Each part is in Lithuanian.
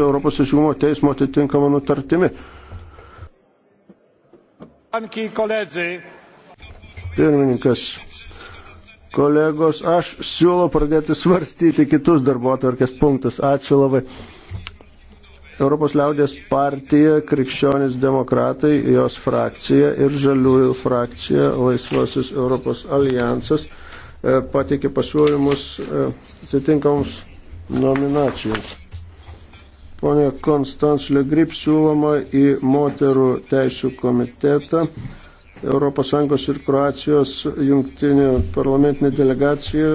Europos teisingumo teismo atitinkama nutartimi. Pirmininkas, kolegos, aš siūlau pradėti svarstyti kitus darbo atvarkės punktus. Ačiū labai. Europos liaudės partija, krikščionis demokratai, jos frakcija ir žaliųjų frakcija, laisvasis Europos alijansas e, pateikė pasiūlymus e, atitinkamoms nominacijoms. Pone Konstans Legrip siūloma į moterų teisų komitetą. ES ir Kroacijos jungtinė parlamentinė delegacija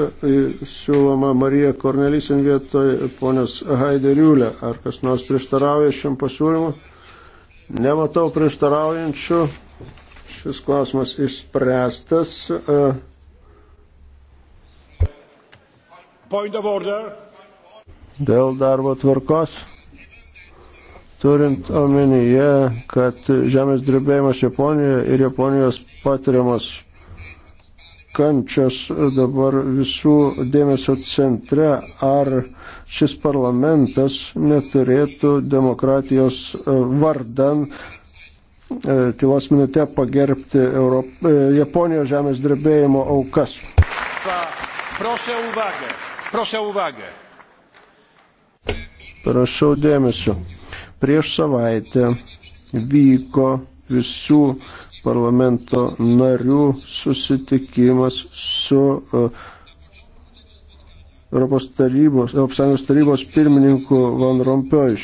siūloma Marija Kornelysin vietoj ponios Haideriulė. Ar kas nors prieštarauja šiam pasiūlymu? Nematau prieštaraujančių. Šis klausimas išspręstas. E, Point of order. Dėl darbo tvarkos turint omenyje, kad žemės drebėjimas Japonijoje ir Japonijos patiriamas kančios dabar visų dėmesio centre, ar šis parlamentas neturėtų demokratijos vardan e, tylos minutę pagerbti Europ... E, Japonijos žemės drebėjimo aukas. Proszę uwagę, proszę uwagę. Prašau dėmesio. Prieš savaitę vyko visų parlamento narių susitikimas su e, Europos tarybos, Europos tarybos pirmininku Van Rompioj.